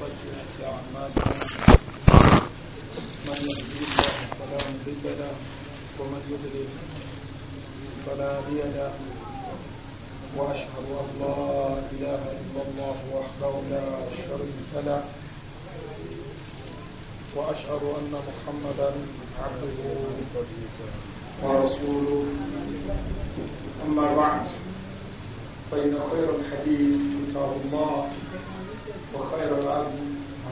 والمعصية عما من يهدي الله فلا مضل له ومن يضلل فلا هادي له واشهد ان لا اله الا الله وحده لا شريك له واشهد ان محمدا عبده ورسوله اما بعد فان خير الحديث كتاب الله وخير العبد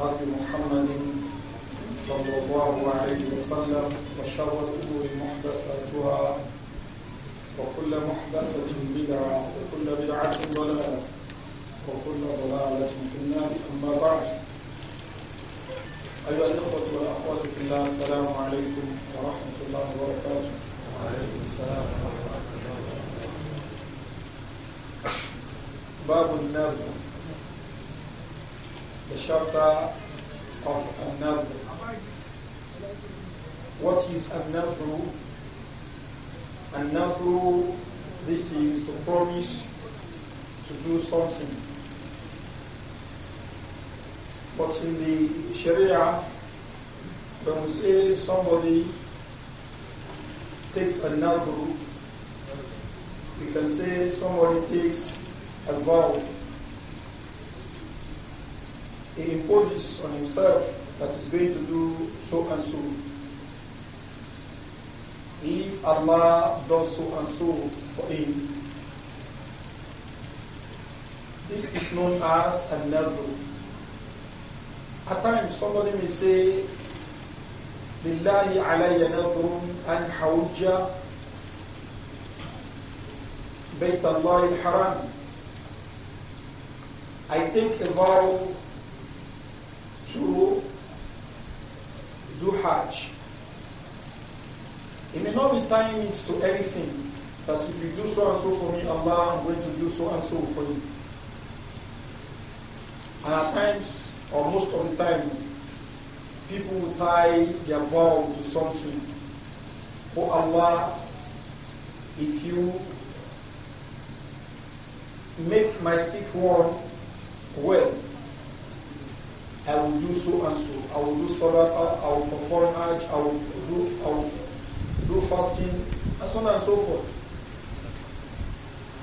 هدي محمد صلى الله عليه وسلم وشر الامور محدثاتها وكل محدثة بدعة وكل بدعة ضلالة وكل ضلالة في النار أما بعد أيها الإخوة والأخوات في الله السلام عليكم ورحمة الله وبركاته وعليكم السلام ورحمة الله وبركاته باب النار the sharta of another. What is another? Another, this is to promise to do something. But in the Sharia, when we say somebody takes another, we can say somebody takes a vow he imposes on himself that he's going to do so and so. If Allah does so and so for him, this is known as a level. At times, somebody may say, alayya علي an أن حوج Allah al Haram." I think about to do Hajj. It may not be tying it to anything, but if you do so and so for me, Allah, I'm going to do so and so for you. And at times, or most of the time, people will tie their vow to something. Oh Allah, if you make my sick one well, I will do so and so. I will do salah, I will perform hajj, I will do, I will do fasting, and so on and so forth.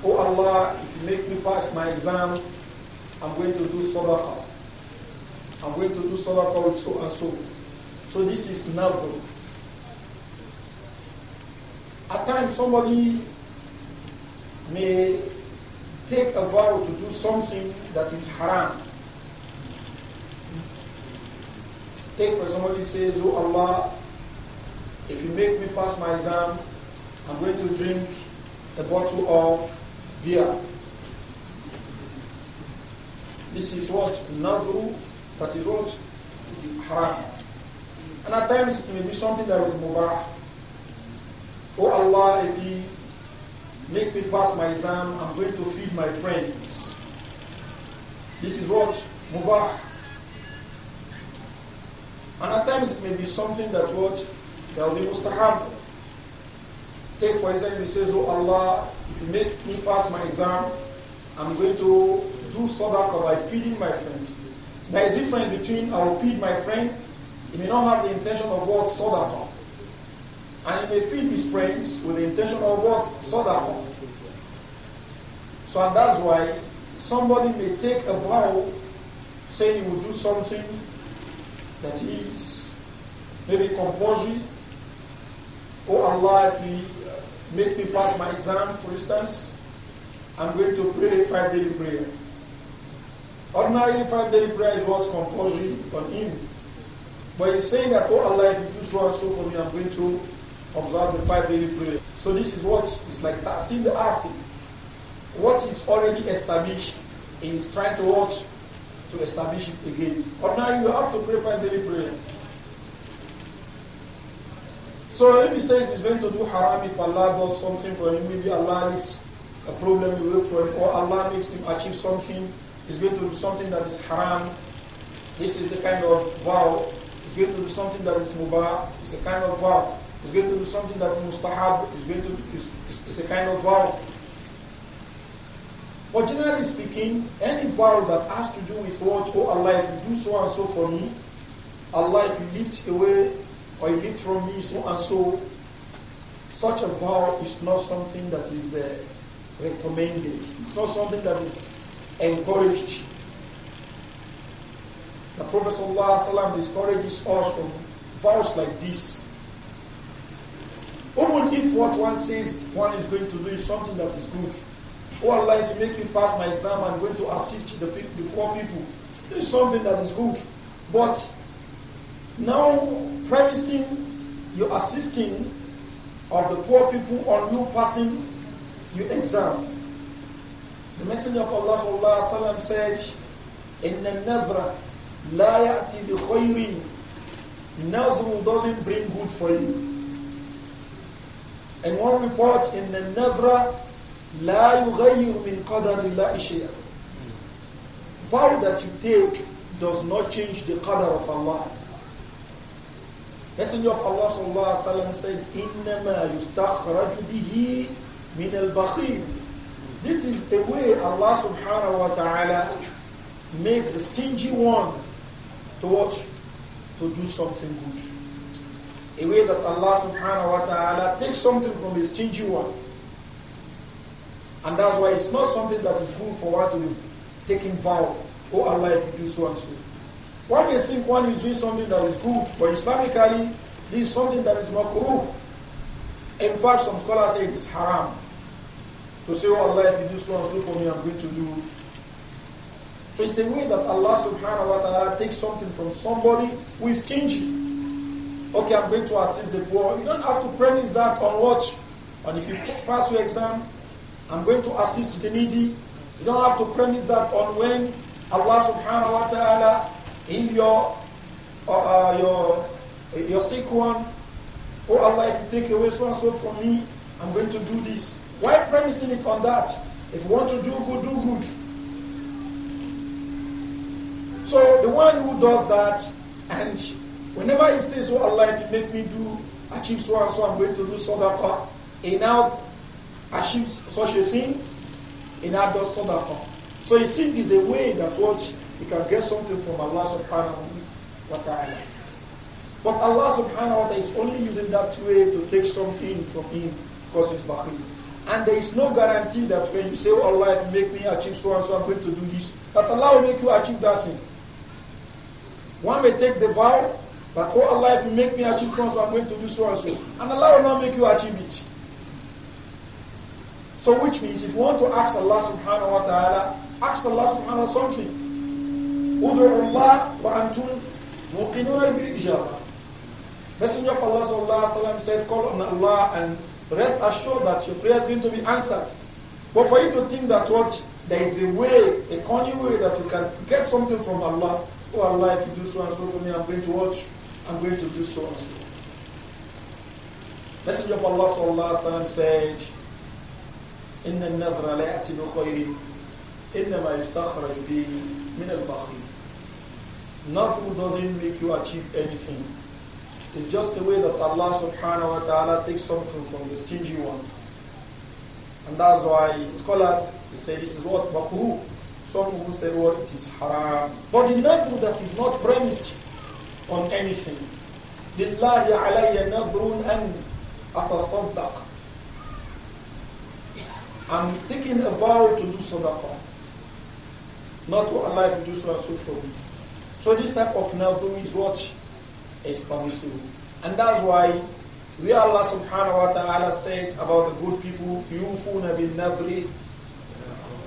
Oh Allah, if you make me pass my exam, I'm going to do sadaqah. I'm going to do sadaqah with so and so. So this is never. At times somebody may take a vow to do something that is haram. Take for somebody says, Oh Allah, if you make me pass my exam, I'm going to drink a bottle of beer. This is what? Nadru, that is what? Haram. And at times it may be something that is mubah. Oh Allah, if He make me pass my exam, I'm going to feed my friends. This is what? Mubah. And at times it may be something that what they'll be mustahab. Take for example, he says, Oh Allah, if you make me pass my exam, I'm going to do sadaqah by feeding my friend. there is a difference between I'll feed my friend, he may not have the intention of what sadaqah. And he may feed his friends with the intention of what sadaqah. So and that's why somebody may take a vow saying he will do something that is maybe compulsory or Allah if he make me pass my exam for instance I'm going to pray five daily prayer ordinarily five daily prayer is what compulsory on him but he's saying that oh Allah if you do so and so for me I'm going to observe the five daily prayer so this is what is like passing the asking what is already established is trying to watch to establish it again. now you have to pray five daily prayer. So if he says he's going to do haram, if Allah does something for him, maybe Allah makes a problem away for him, or Allah makes him achieve something, he's going to do something that is haram. This is the kind of vow. He's going to do something that is mubah. It's a kind of vow. He's going to do something that is mustahab. It's going to. It's, it's, it's a kind of vow. But generally speaking, any vow that has to do with what, oh Allah, if you do so and so for me, Allah, if you lift away or you lift from me so and so, such a vow is not something that is uh, recommended. It's not something that is encouraged. The Prophet ﷺ discourages us from vows like this. Even if what one says one is going to do is something that is good. Oh Allah, if you make me pass my exam, I'm going to assist the, the poor people. It's something that is good. But now premising your assisting of the poor people on you passing your exam. The Messenger of Allah sallallahu alaihi wasallam said, nadra la yati bi khayrin." Nazru doesn't bring good for you. And one report in the nadra لا يغير من قدر الله شيئا vow that you take does not change the qadar of Allah Messenger of Allah sallallahu alaihi wasallam said إنما يستخرج به من البخيل this is a way Allah subhanahu wa ta'ala make the stingy one to watch to do something good. A way that Allah subhanahu wa ta'ala takes something from the stingy one and that's why it's not something that is good for one to be taking vow, oh Allah, if you do so and so. One may think one is doing something that is good, but Islamically, this is something that is makruh. In fact, some scholars say it is haram. To say, oh Allah, if you do so and so for me, I'm going to do. So it's a way that Allah subhanahu wa ta'ala takes something from somebody who is stingy. Okay, I'm going to assist the poor. You don't have to premise that on what? And if you pass your exam, I'm going to assist the needy. You don't have to premise that on when Allah subhanahu wa ta'ala in your, uh, uh your, your sick one, oh Allah, if you take away so and so from me, I'm going to do this. Why premising it on that? If you want to do good, do good. So the one who does that, and whenever he says, oh Allah, if you make me do, achieve so and so, I'm going to do so. part, he now achieves such a thing, in Abdul Sadaqah. So you think is a way that what you can get something from Allah subhanahu wa ta'ala. But Allah subhanahu wa ta'ala is only using that way to take something from him because he's bakhil. And there is no guarantee that when you say, oh Allah, make me achieve so and so, I'm going to do this, that Allah will make you achieve that thing. One may take the vow but oh Allah, make me achieve so and so, I'm going to do so and so. And Allah will not make you achieve it. So which means if you want to ask Allah subhanahu wa ta'ala, ask Allah subhanahu wa ta'ala something. Allah wa bil Messenger of Allah wa sallam said, call on Allah and rest assured that your prayer is going to be answered. But for you to think that what there is a way, a corny way that you can get something from Allah, oh Allah, if you do so and so for me, I'm going to watch, I'm going to do so and so. Messenger of Allah wa sallam said, إن النذر لا يأتي بخير إنما يستخرج به من البخيل Nothing doesn't make you achieve anything. It's just the way that Allah subhanahu wa ta'ala takes something from the stingy one. And that's why scholars say this is what makruh. Some who say what well, it is haram. But the nadr that is not premised on anything. لله علي نذر أن أتصدق I'm taking a vow to do sadaqah. Not to allow to do so and so for me. So this type of nadu is what is permissible. And that's why we Allah subhanahu wa ta'ala said about the good people, يُوفُونَ بِالنَّذْرِ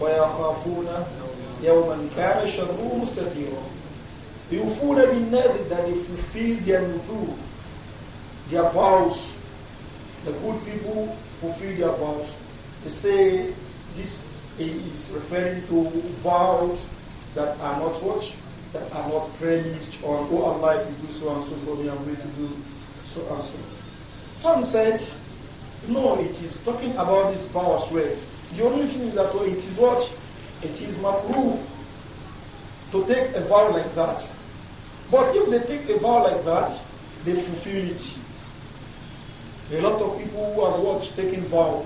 وَيَخَافُونَ يَوْمًا كَانَ شَرُّهُ مُسْتَثِيرًا يُوفُونَ بِالنَّذْرِ that they fulfill their nudhu, their vows. The good people fulfill their vows. They say this is referring to vows that are not what? That are not premised on, oh Allah, if you do so and so for me, I'm going to do so and so. Some said, no, it is talking about this vow as well. The only thing is that oh, it is what? It is makruh to take a vow like that. But if they take a vow like that, they fulfill it. A lot of people who are what? Taking vow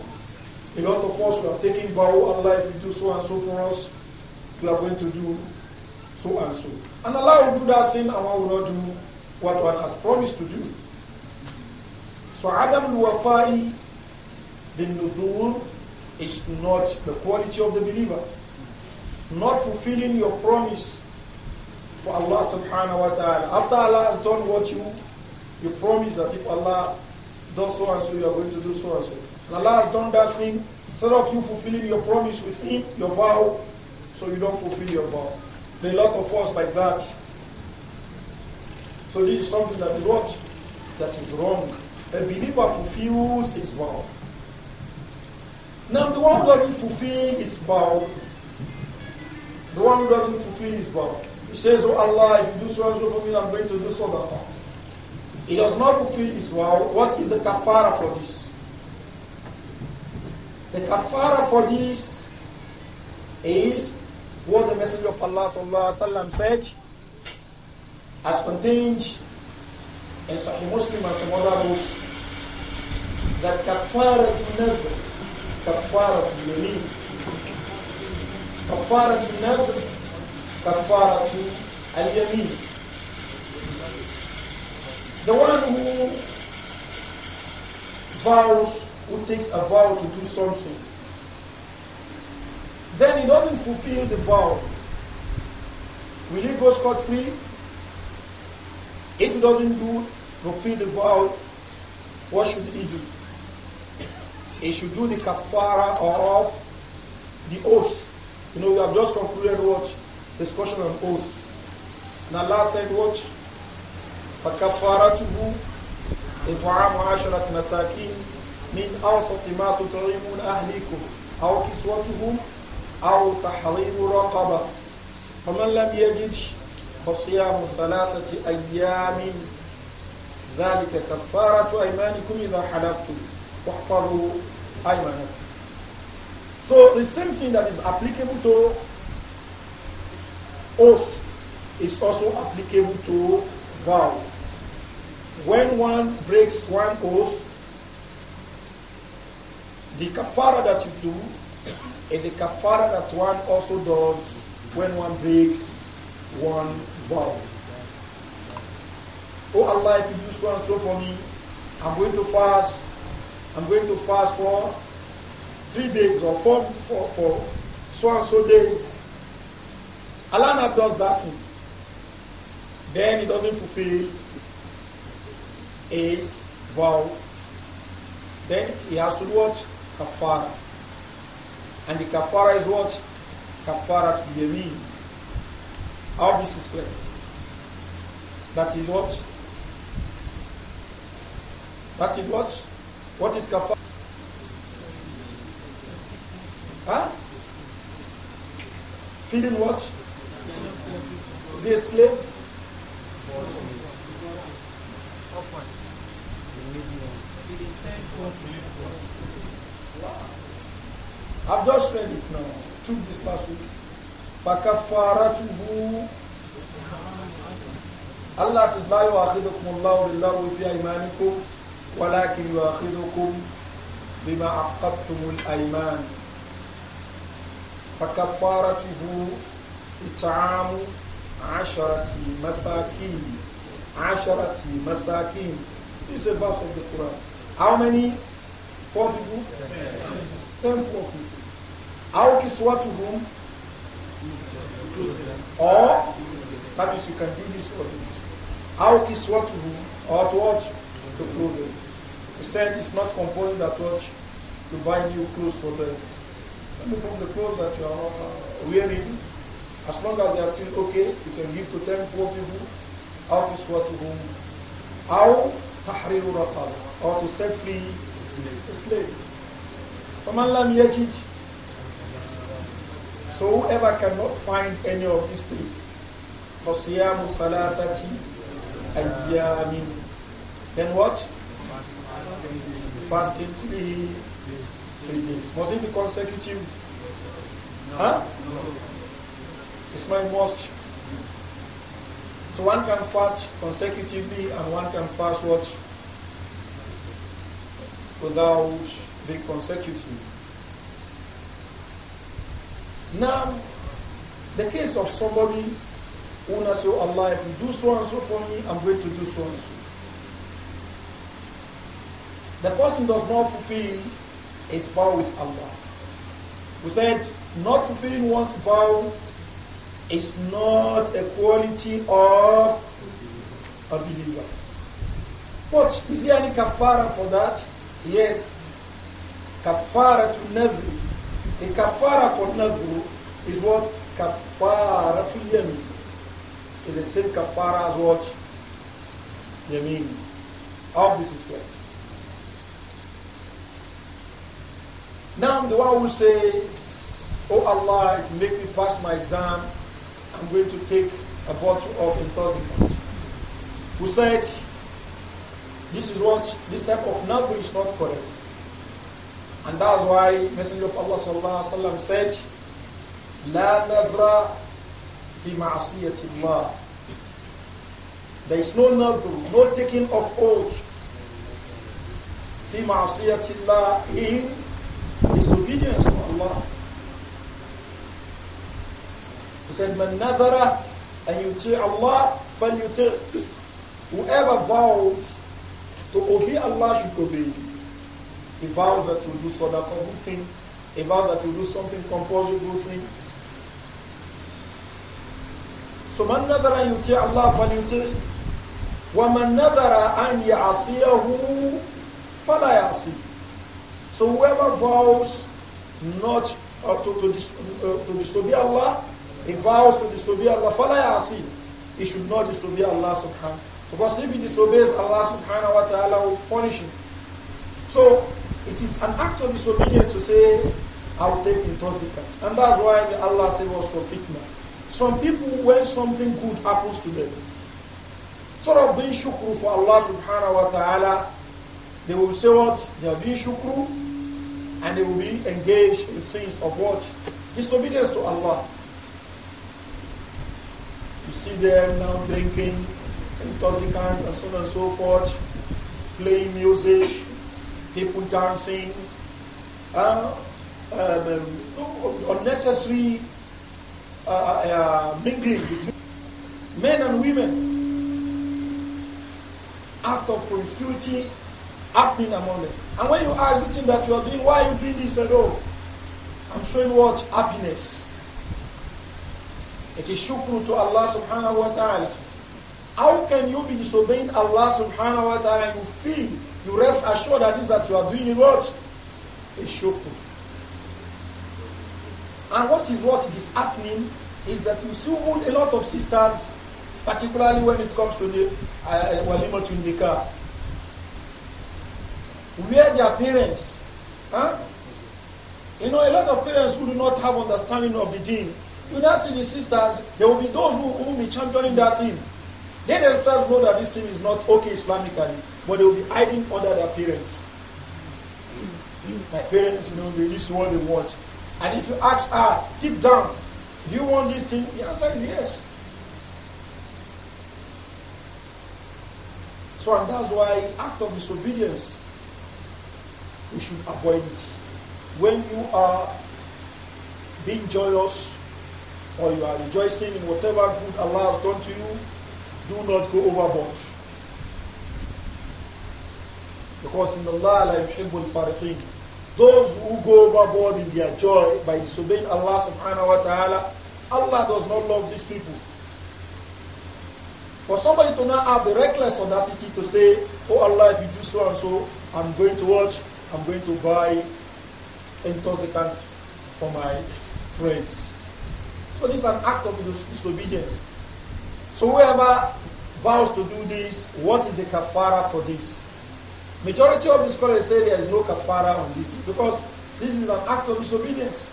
a lot of us, we have taken vow, Allah, if you do so and so for us, we are going to do so and so. And Allah will do that thing, Allah will not do what one has promised to do. So Adam al-Wafa'i bin Nuzul is not the quality of the believer. Not fulfilling your promise for Allah subhanahu wa ta'ala. After Allah has done what you you promise that if Allah does so and so, you are going to do so and so. And Allah has done that thing. Instead of you fulfilling your promise with Him, your vow, so you don't fulfill your vow. There are a lot of us like that. So this is something that is what? That is wrong. A believer fulfills his vow. Now the one who doesn't fulfill his vow, the one who doesn't fulfill his vow, he says, Oh Allah, if you do so and so for me, I'm going to do so that. He does not fulfill his vow. What is the kafara for this? The kafara for this is what the Messenger of Allah وسلم, said, as contained in Sahih Muslim and some other books, that kafara to nadr, kafara to yamin, kafara to nadr, kafara to al yamin. The one who vows who takes a vow to do something, then he doesn't fulfill the vow, will he go scot free? If he doesn't do fulfill the vow, what should he do? He should do the kafara of the oath. You know, we have just concluded what discussion on oath. And Allah said what? to فَكَفَّارَتُهُ a عَشَرَةِ masakin." من أوسط ما تطعمون أهليكم أو كسوتهم أو تحرير رقبة فمن لم يجد فصيام ثلاثة أيام ذلك كفارة أيمانكم إذا حلفتم واحفظوا أيمانكم So the same thing that is applicable to oath is also applicable to vow. When one breaks one oath, the kafara that you do is a kafara that one also does when one breaks one vow. Oh Allah, if you do so and so for me, I'm going to fast. I'm going to fast for three days or four for, for so and so days. Allah not does that thing. Then he doesn't fulfill his vow. Then he has to do what? kafara. And the kafara is what? Kafara to the yamin. All this is clear. That is what? That is what? What is kafara? Huh? Feeling what? Is he a slave? Feeling I've just read it now. Took this last week. فكفارته Allah says لا يؤاخذكم الله باللغو في أيمانكم ولكن يؤاخذكم بما عقدتم الأيمان فكفارته إطعام عشرة مساكين عشرة مساكين This is a verse of the Quran. How many Four people? Ten poor people. How kiswa to whom? Or, that you can do this or this. How kiswa to whom? Or to what? To clothing. The sand is not composed that what? To buy new clothes for them. from the clothes that you are uh, wearing, as long as they are still okay, you can give to ten poor people. How kiswa to whom? How tahriru raqab. Or to set free slave. A slave. So whoever cannot find any of these three, فصيام ثلاثة أيام then what? Fasting three, three days. Was it be consecutive? Huh? It's my most. So one can fast consecutively and one can fast what? without being consecutive. Now, the case of somebody who knows your oh, Allah, if you do so and so for me, I'm going to do so and so. The person does not fulfill his vow with Allah. We said not fulfilling one's vow is not a quality of a believer. But is there any kafara for that? Yes, kafara to nadru. A kafara for nadru is what? Kafara to yamin. It's the same kafara as what? Yamin. All this is correct. Now the one who says, Oh Allah, make me pass my exam, I'm going to take a bottle of intoxicant. Who said, this is what, this type of nafi is not correct. And that's why Messenger of Allah sallallahu alaihi wasallam said, "La نذر fi معصية There is no nafi, no taking of oath fi معصية in disobedience to Allah. He said, من نذر أن يطيع الله فليطيع. Whoever vows to obey Allah should obey. He vows that you do sadaqah, good thing. He vows that you do something compulsory, good thing. So man nadara yuti Allah falyuti. Wa man nadara an ya'asiyahu fala ya'si. So whoever vows not uh, to, to, dis, uh, to disobey Allah, he vows to disobey Allah, fala ya'si. He should not disobey Allah subhanahu because if he disobeys Allah subhanahu wa ta'ala will punish him. So it is an act of disobedience to say, I will take intoxicant. And that's why Allah said was for fitnah. Some people, when something good happens to them, sort of being shukru for Allah subhanahu wa ta'ala, they will say what? They are being shukru and they will be engaged in things of what? Disobedience to Allah. You see them now drinking, intoxicant, and so on and so forth, playing music, people dancing, um, um, uh, um, unnecessary uh, uh, mingling between men and women, act of promiscuity happening among them. And when you ask this thing that you are doing, why are you doing this at all? I'm showing what? Happiness. It is shukru to Allah subhanahu wa ta'ala. How can you be disobeying Allah subhanahu wa ta'ala and you feel, you rest assured that this that you are doing is what? A And what is what is happening is that you see a lot of sisters, particularly when it comes to the uh, walima to nikah, where their parents, huh? You know, a lot of parents who do not have understanding of the deen, you now see the sisters, there will be those who, who will be championing that thing. They themselves know that this thing is not okay Islamically, but they will be hiding under their parents. My parents, you know, they used to want the watch. And if you ask her, deep down, do you want this thing? The answer is yes. So and that's why act of disobedience, we should avoid it. When you are being joyous or you are rejoicing in whatever good Allah has done to you, do not go overboard. Because in Allah, la to fariqin. Those who go overboard in their joy by disobeying Allah subhanahu wa ta'ala, Allah does not love these people. For somebody to not have the reckless audacity to say, Oh Allah, if you do so and so, I'm going to watch, I'm going to buy intoxicant for my friends. So this is an act of disobedience. So whoever vows to do this, what is the kafara for this? Majority of the scholars say there is no kafara on this because this is an act of disobedience.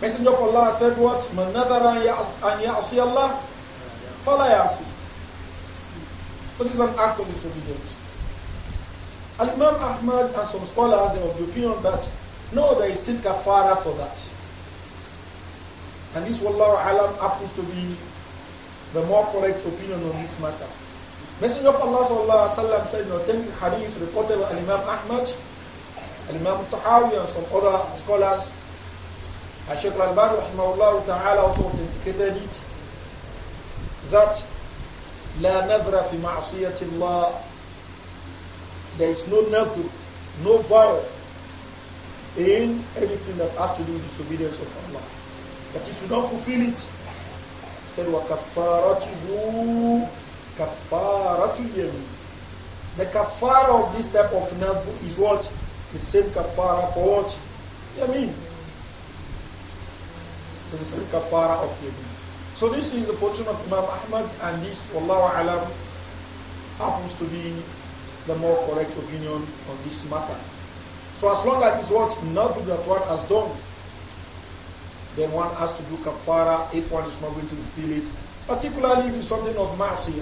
Messenger of Allah said what? Man nadara an Allah, fala So this is an act of disobedience. Al-Imam Ahmad and some scholars are of the opinion that no, there is still kafara for that. And this, wallahu alam, happens to be the more correct opinion on this matter. Messenger of Allah sallallahu alaihi wasallam said in authentic hadith reported by Imam Ahmad, Imam Tahawi and some other scholars, and Sheikh Al-Albani rahimahullah ta'ala also authenticated it, that لا نذر في معصية الله There is no nadhr, no vow in anything that has to do with disobedience of Allah. That you should not fulfill it said, وَكَفَّارَتِهُ كَفَّارَتِهِمْ The kafara of this type of nadhu is what? The same kafara for what? Yameen. The same kafara of yameen. So this is the position of Imam Ahmad and this, Wallahu Alam, happens to be the more correct opinion on this matter. So as long as it's what nadhu that one has done, then one has to do kafara if one is not going to feel it, particularly if it's something of mercy.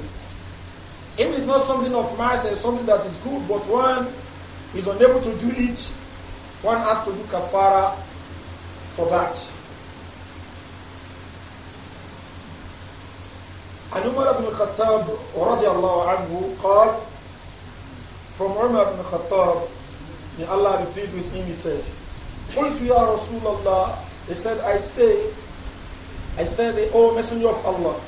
If it's not something of mercy, something that is good, but one is unable to do it, one has to do kafara for that. عن عمر بن الخطاب رضي الله عنه قال from عمر بن الخطاب may Allah be pleased with him he said قلت يا رسول الله they said, I say, I said, O Messenger of Allah,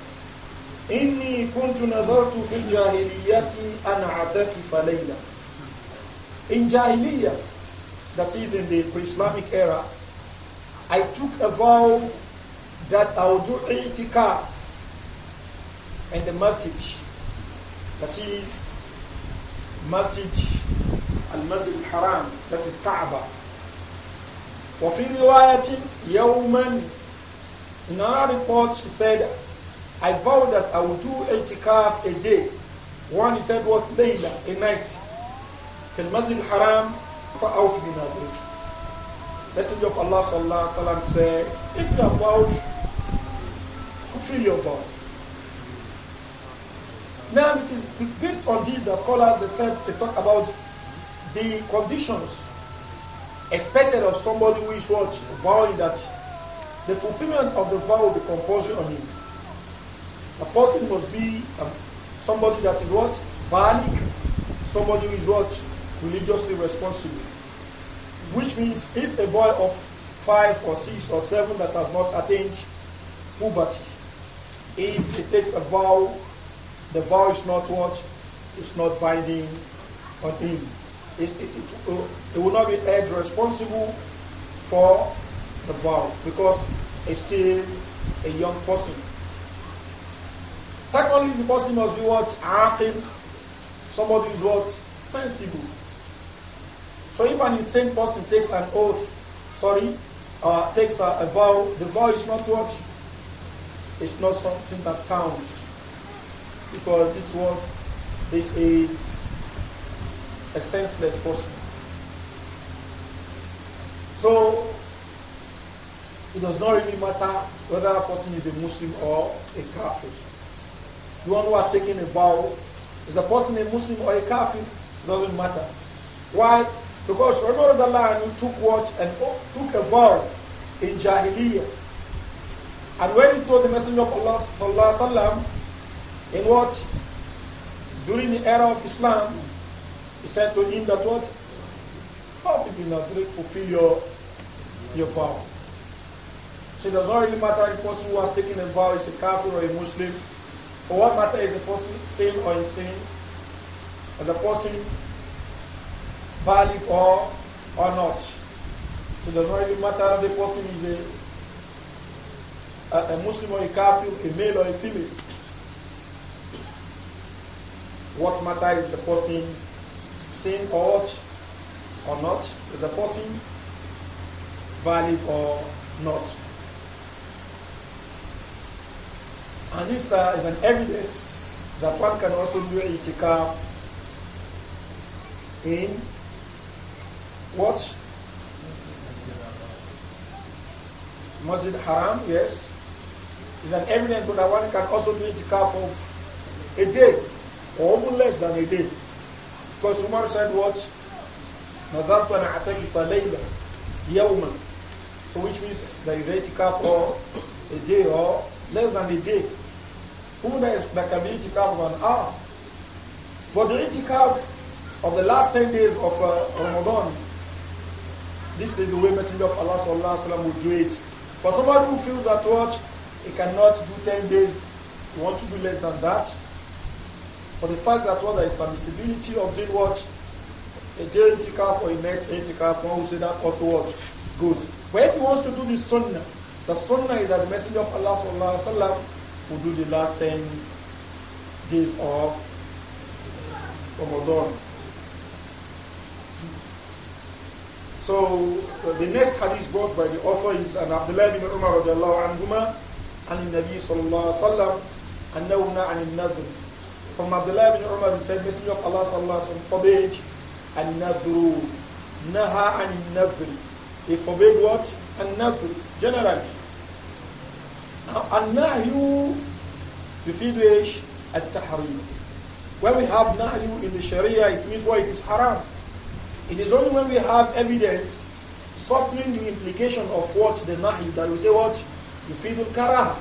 إني كنت نظرت في الجاهلية أن أعتكف ليلا. In Jahiliyyah, that is in the pre-Islamic era, I took a vow that I would do itikaf in the masjid. That is Masjid al-Masjid al-Haram, that is Kaaba. وفي رواية يوما In another report she said I vowed that I would do 80 calf a day One he said what Layla a night في المسجد الحرام فأوف بنذرك Messenger of Allah sallallahu alaihi wasallam said if you have vowed fulfill your vow Now it is based on this that scholars they, said, they talk about the conditions expected of somebody who is what vowing that the fulfillment of the vow will be compulsory on him. A person must be um, somebody that is what valid, somebody who is what religiously responsible. Which means if a boy of five or six or seven that has not attained puberty, if he takes a vow, the vow is not what is not binding on him it, it, it, it will not be held responsible for the vow because it's still a young person. Secondly, the person must be what? Aqib. Somebody is what? Sensible. So if an insane person takes an oath, sorry, uh, takes a, a vow, the vow is not what? It's not something that counts. Because this was, this is a senseless person. So, it does not really matter whether a person is a Muslim or a Kafir. The one who has taken a vow is a person a Muslim or a Kafir, it doesn't matter. Why? Because Umar who took what and took a vow in Jahiliyyah. And when he told the Messenger of Allah sallam, in what during the era of Islam he said to him that what? Coffee will not drink, fulfill your, your vow. So it does not really matter if the person who has taken a vow is a Kafir or a Muslim. But what matter is the person sane or insane? As a person valid or, or not. So it does not really matter if the person is a, a, a Muslim or a Kafir, a male or a female. What matters is the person sin or, or not? Is the person valid or not? And this uh, is an evidence that one can also do itikaf in what? Masjid Haram, yes. Is an evidence that one can also do itikaf of a day or even less than a day. Because Umar said what? نَذَرْتُ أَنْ أَعْتَكِفَ لَيْلًا يَوْمًا So which means there is itikaf for a day or less than a day. Who knows that can be itikaf of an hour? But the itikaf of the last 10 days of uh, Ramadan, this is the way Messenger of Allah sallallahu alaihi wasallam would do it. For somebody who feels that watch, he cannot do 10 days, he want to do less than that, for the fact that what well, there is permissibility of doing what? A day itikaf or a night itikaf, one will say that also what? Goes. But if he wants to do the sunnah, the sunnah is that the Messenger of Allah sallallahu alaihi wasallam will do the last 10 days of Ramadan. So uh, the next hadith brought by the author is an Abdullah bin Umar radiallahu anhuma عن النبي صلى الله عليه وسلم أنه عن النذر from Abdullah ibn Umar, he said, Messenger of Allah sallallahu alayhi wa sallam forbade an nadru. Naha an nadr. He forbade what? An nadr, generally. Now, an nahyu يفيد ايش؟ tahrim When we have nahyu in the Sharia, it means why it is haram. It is only when we have evidence softening the implication of what the nahyu, that we say what? يفيد الكراهة.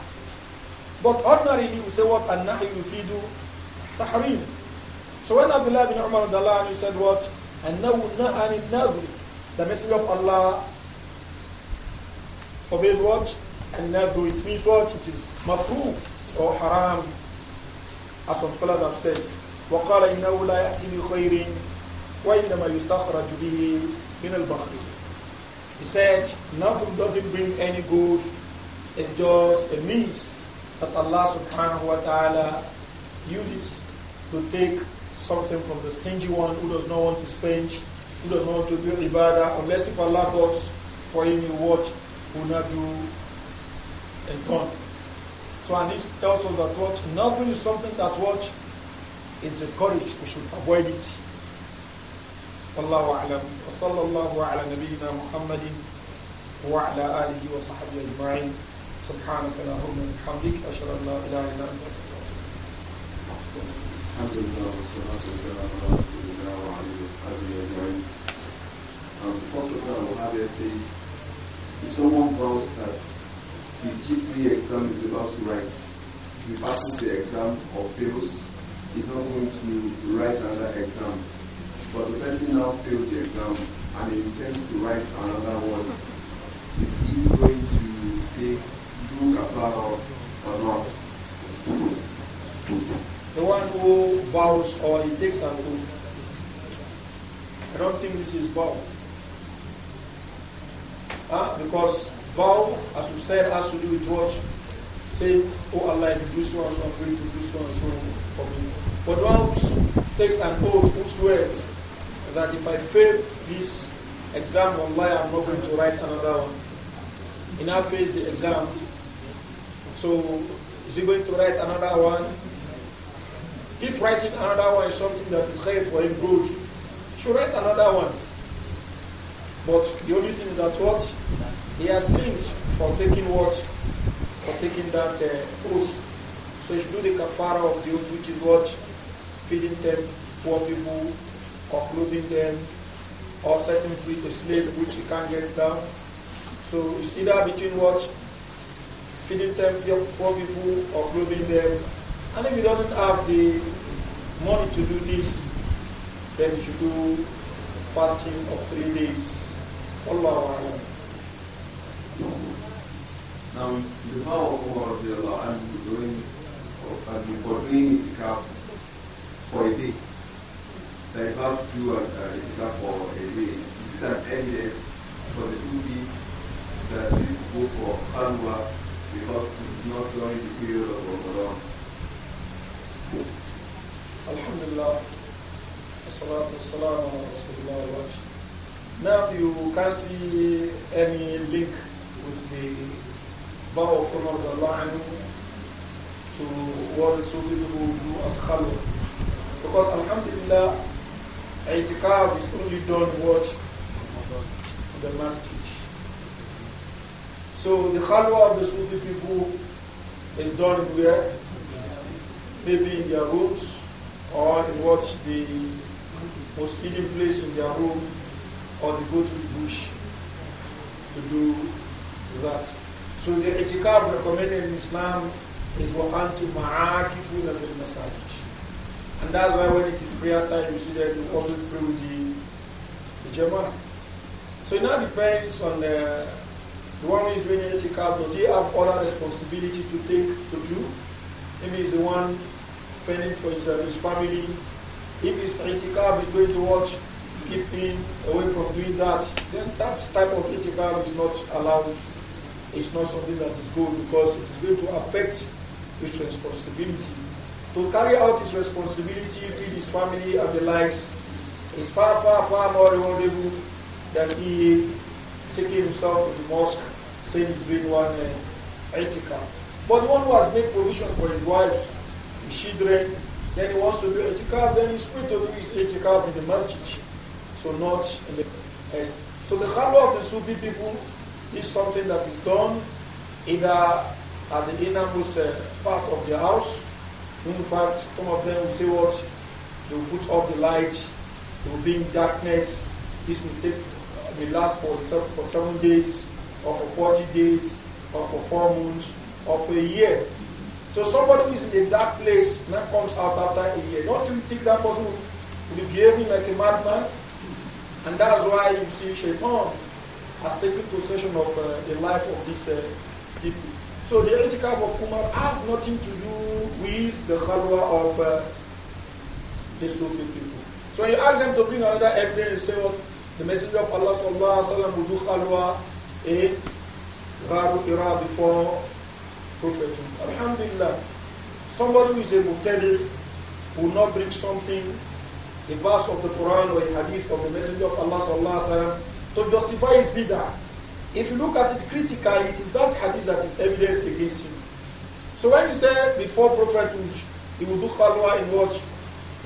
But ordinarily we say what? An-nahyu يفيد tahrim. So when Abdullah bin Umar Dalani said what? And now Na'anid Nazri, the Messenger of Allah forbade what? And Nazri, it means what? It is makruh or haram, as some scholars have said. وقال إنه لا يأتي بخير وإنما يستخرج به من البخيل he said, nothing doesn't bring any good. It's just a means that Allah subhanahu wa ta'ala uses to take something from the stingy one who does not want to spend, who does not want to do ibadah, unless if Allah does for him you watch, will not do in turn. So and this tells us that what nothing is something that what is discouraged. We should avoid it. والله أعلم وصلى الله على نبينا محمد وعلى آله وصحبه أجمعين سبحانك اللهم وبحمدك أشهد أن لا إله إلا أنت أستغفرك الحمد لله says, if someone vows that the exam is about to write, he passes the exam or fails, he's not going to write another exam. But the person now failed the exam and intends to write another one. Is he going to do a kafara or not? the one who vows or he takes an oath. I don't think this is vow. Huh? Ah, because vow, as we said, has to do with what? Saying, oh Allah, if you do so and so, I'm going to do so and so for me. But the one who takes an oath, who swears that if I fail this exam, Allah, I'm not going to write another one. In our phase, the exam. So, is he going to write another one? If writing another one is something that is great for him, good. Should write another one. But the only thing is that what he has sinned for taking what for taking that uh, oath. So he should do the kafara of the oath, which is what feeding them poor people, or clothing them, or setting free a slave which he can't get down. So it's either between what feeding them poor people or clothing them and if you do not have the money to do this, then you should do fasting of three days. Allah Alam. Now, the power of Allah, I'm doing, I'm doing itikaf for a day, they have to do it for a day, this is an evidence for the Sufis that is to go for Hanwa because this is not during the period of Ramadan. Alhamdulillah. Now you can't see any link with the Bow of Allah to what Sufi people do as Khalwa. Because Alhamdulillah, Itikaf is only done what? The masjid. So the Khalwa of the Sufi people is done where? maybe in their rooms or in what the most hidden place in their room or they go to the bush to do that. So the etiquette recommended in Islam is وَأَنْتُمْ مَعَاكِفُونَ فِي الْمَسَاجِدِ And that's why when it is prayer time, you see that you also pray with the, the Jama'ah. So it now depends on the, the one who is doing etiquette. Does he have other responsibility to take, to do? Maybe he's the one fending for his, uh, his family. If his itikaf is going to watch, keep him away from doing that, then that type of itikaf is not allowed. It's not something that is good because it is going to affect his responsibility. To carry out his responsibility, feed his family and the likes, is far, far, far more rewardable than he taking himself to the mosque, saying he's doing one uh, itikaf. But one who has made provision for his wife children, then he wants to do itikaf, then he's free to do his itikaf in the masjid. So not in the yes. So the khalwa of the Sufi people is something that is done either at the innermost uh, part of the house. In fact, some of them will say what? They will put off the light, they will be in darkness. This will take may uh, last for, for seven days, or for 40 days, or for four months, or for a year. So somebody who is in a dark place now comes out after a year. Don't you think that person will be behaving like a madman? And that's why you see Shaitan has taken possession of uh, the life of this uh, people. So the etikaf of Umar has nothing to do with the halwa of uh, the Sufi people. So you ask them to bring another evidence and say, well, the Messenger of Allah sallallahu alaihi wasallam will do halwa in Gharu Ira before Alhamdulillah. Somebody who is a Muqtadi will not bring something, a verse of the Quran or a hadith of the Messenger of Allah sallallahu to justify his bid'ah. If you look at it critically, it is that hadith that is evidence against him. So when you say before prophethood, he will do khalwa in what?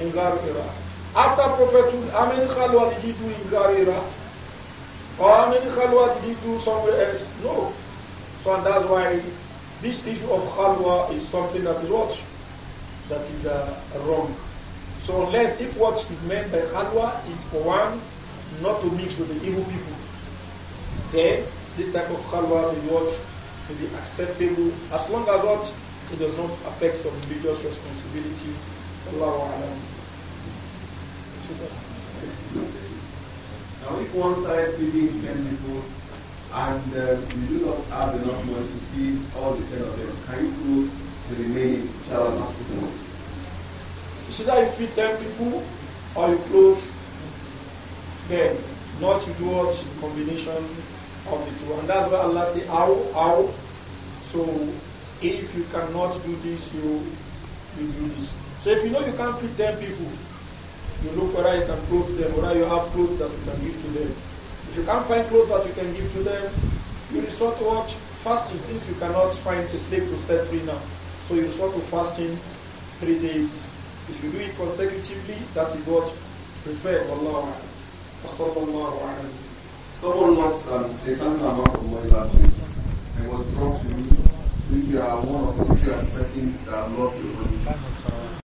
In Garira. After prophethood, how many khalwa did he do in Garira? Or how many khalwa did he do somewhere else? No. So that's why this issue of halwa is something that is what? That is uh, wrong. So unless if what is meant by halwa is for one not to mix with the evil people, then this type of halwa will what To be acceptable as long as what it does not affect some religious responsibility. Allahu alam. Now, if one side is being people and uh, you do not have enough money to feed all the ten of them. Can you prove the remaining child of people? It's either you feed ten people or you close them. Not you do what combination of the two. And that's why Allah say how, how. So if you cannot do this, you you do this. So if you know you can't feed ten people, you look whether you can clothe them, whether you have clothes that you can give to them. If you can't find clothes that you can give to them, you resort to watch Fasting, since you cannot find a slave to set free now. So you resort to fasting three days. If you do it consecutively, that is what preferred. Allah. Someone lost um, a certain amount of money last week and was brought to me. If you are one of the few that lost your money,